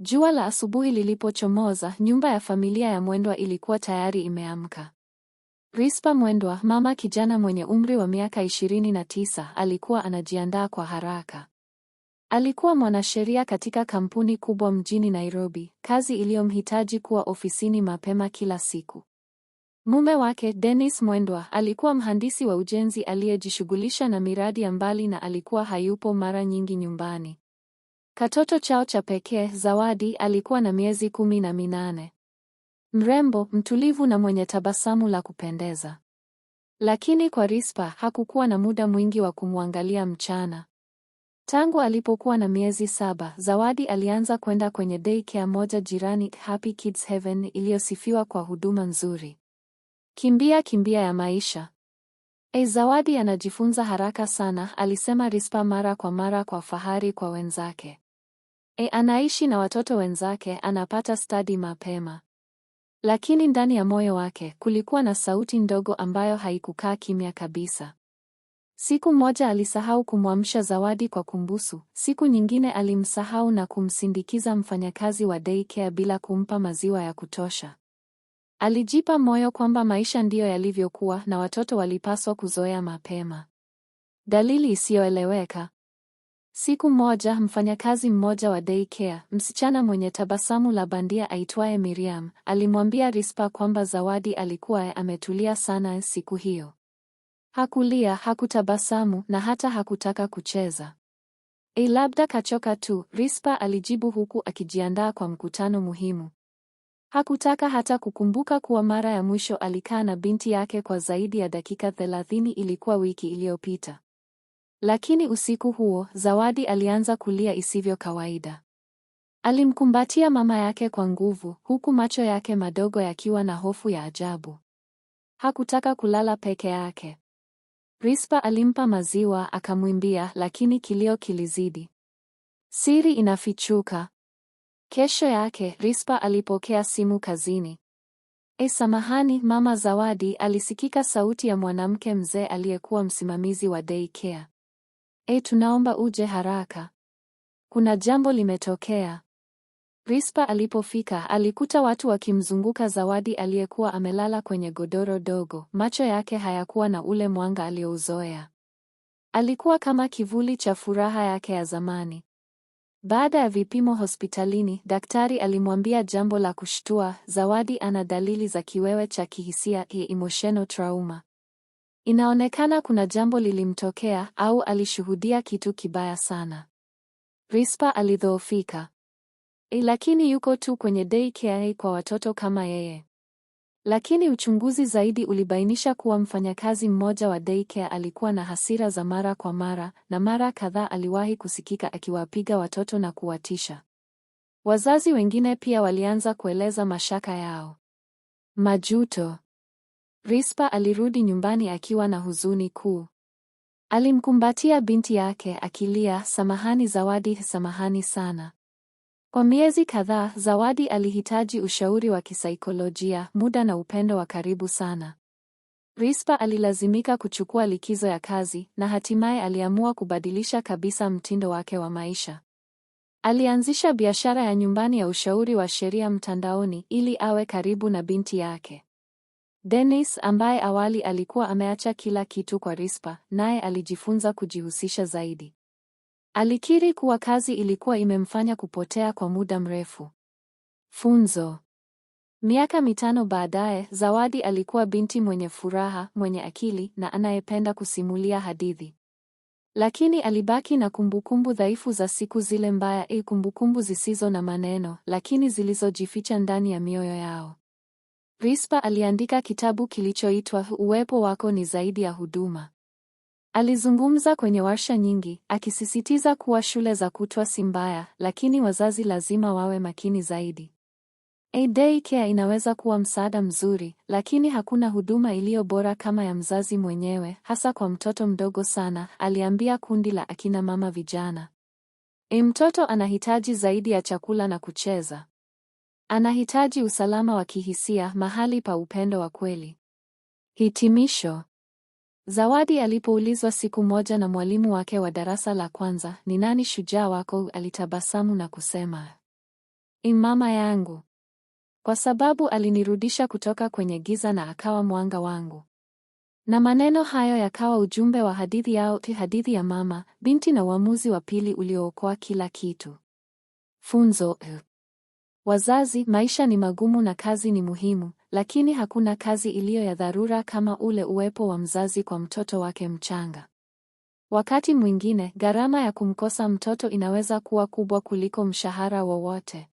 Jua la asubuhi lilipochomoza, nyumba ya familia ya Mwendwa ilikuwa tayari imeamka. Rispa Mwendwa, mama kijana mwenye umri wa miaka 29 na tisa, alikuwa anajiandaa kwa haraka. Alikuwa mwanasheria katika kampuni kubwa mjini Nairobi, kazi iliyomhitaji kuwa ofisini mapema kila siku. Mume wake Dennis Mwendwa alikuwa mhandisi wa ujenzi aliyejishughulisha na miradi ya mbali na alikuwa hayupo mara nyingi nyumbani. Katoto chao cha pekee Zawadi alikuwa na miezi kumi na minane, mrembo, mtulivu na mwenye tabasamu la kupendeza. Lakini kwa Rispa hakukuwa na muda mwingi wa kumwangalia mchana. Tangu alipokuwa na miezi saba, Zawadi alianza kwenda kwenye daycare moja jirani, Happy Kids Heaven, iliyosifiwa kwa huduma nzuri. Kimbia kimbia ya maisha. E, Zawadi anajifunza haraka sana, alisema Rispa mara kwa mara kwa fahari kwa wenzake e, anaishi na watoto wenzake, anapata stadi mapema, lakini ndani ya moyo wake kulikuwa na sauti ndogo ambayo haikukaa kimya kabisa. Siku moja alisahau kumwamsha Zawadi kwa kumbusu. Siku nyingine alimsahau na kumsindikiza mfanyakazi wa daycare bila kumpa maziwa ya kutosha. Alijipa moyo kwamba maisha ndiyo yalivyokuwa na watoto walipaswa kuzoea mapema. Dalili isiyoeleweka, Siku moja mfanyakazi mmoja wa daycare, msichana mwenye tabasamu la bandia aitwaye Miriam, alimwambia Rispa kwamba Zawadi alikuwa ametulia sana siku hiyo. Hakulia, hakutabasamu na hata hakutaka kucheza. E, labda kachoka tu, Rispa alijibu huku akijiandaa kwa mkutano muhimu. Hakutaka hata kukumbuka kuwa mara ya mwisho alikaa na binti yake kwa zaidi ya dakika 30 ilikuwa wiki iliyopita. Lakini usiku huo Zawadi alianza kulia isivyo kawaida. Alimkumbatia mama yake kwa nguvu, huku macho yake madogo yakiwa na hofu ya ajabu. Hakutaka kulala peke yake. Rispa alimpa maziwa akamwimbia, lakini kilio kilizidi. Siri inafichuka. Kesho yake Rispa alipokea simu kazini. E, samahani mama Zawadi, alisikika sauti ya mwanamke mzee aliyekuwa msimamizi wa daycare. E, tunaomba uje haraka, kuna jambo limetokea. Rispa alipofika alikuta watu wakimzunguka Zawadi aliyekuwa amelala kwenye godoro dogo. Macho yake hayakuwa na ule mwanga aliyouzoea, alikuwa kama kivuli cha furaha yake ya zamani. Baada ya vipimo hospitalini, daktari alimwambia jambo la kushtua: Zawadi ana dalili za kiwewe cha kihisia, e, emotional trauma. Inaonekana kuna jambo lilimtokea au alishuhudia kitu kibaya sana. Rispa alidhoofika. E, lakini yuko tu kwenye daycare kwa watoto kama yeye. Lakini uchunguzi zaidi ulibainisha kuwa mfanyakazi mmoja wa daycare alikuwa na hasira za mara kwa mara na mara kadhaa aliwahi kusikika akiwapiga watoto na kuwatisha. Wazazi wengine pia walianza kueleza mashaka yao. Majuto. Rispa alirudi nyumbani akiwa na huzuni kuu. Alimkumbatia binti yake akilia, samahani Zawadi, samahani sana. Kwa miezi kadhaa, Zawadi alihitaji ushauri wa kisaikolojia, muda na upendo wa karibu sana. Rispa alilazimika kuchukua likizo ya kazi na hatimaye aliamua kubadilisha kabisa mtindo wake wa maisha. Alianzisha biashara ya nyumbani ya ushauri wa sheria mtandaoni ili awe karibu na binti yake. Dennis ambaye awali alikuwa ameacha kila kitu kwa Rispa, naye alijifunza kujihusisha zaidi. Alikiri kuwa kazi ilikuwa imemfanya kupotea kwa muda mrefu. Funzo. Miaka mitano baadaye, Zawadi alikuwa binti mwenye furaha, mwenye akili na anayependa kusimulia hadithi. Lakini alibaki na kumbukumbu dhaifu za siku zile mbaya, ii kumbukumbu zisizo na maneno, lakini zilizojificha ndani ya mioyo yao rispa aliandika kitabu kilichoitwa Uwepo wako ni zaidi ya huduma. Alizungumza kwenye warsha nyingi, akisisitiza kuwa shule za kutwa si mbaya, lakini wazazi lazima wawe makini zaidi. A day care inaweza kuwa msaada mzuri, lakini hakuna huduma iliyo bora kama ya mzazi mwenyewe, hasa kwa mtoto mdogo sana, aliambia kundi la akina mama vijana. E, mtoto anahitaji zaidi ya chakula na kucheza. Anahitaji usalama wa kihisia, mahali pa upendo wa kweli. Hitimisho. Zawadi alipoulizwa siku moja na mwalimu wake wa darasa la kwanza, ni nani shujaa wako, alitabasamu na kusema, "Ni mama yangu." Kwa sababu alinirudisha kutoka kwenye giza na akawa mwanga wangu. Na maneno hayo yakawa ujumbe wa hadithi yao, hadithi ya mama, binti na uamuzi wa pili uliookoa kila kitu. Funzo. Eh, Wazazi, maisha ni magumu na kazi ni muhimu, lakini hakuna kazi iliyo ya dharura kama ule uwepo wa mzazi kwa mtoto wake mchanga. Wakati mwingine, gharama ya kumkosa mtoto inaweza kuwa kubwa kuliko mshahara wowote.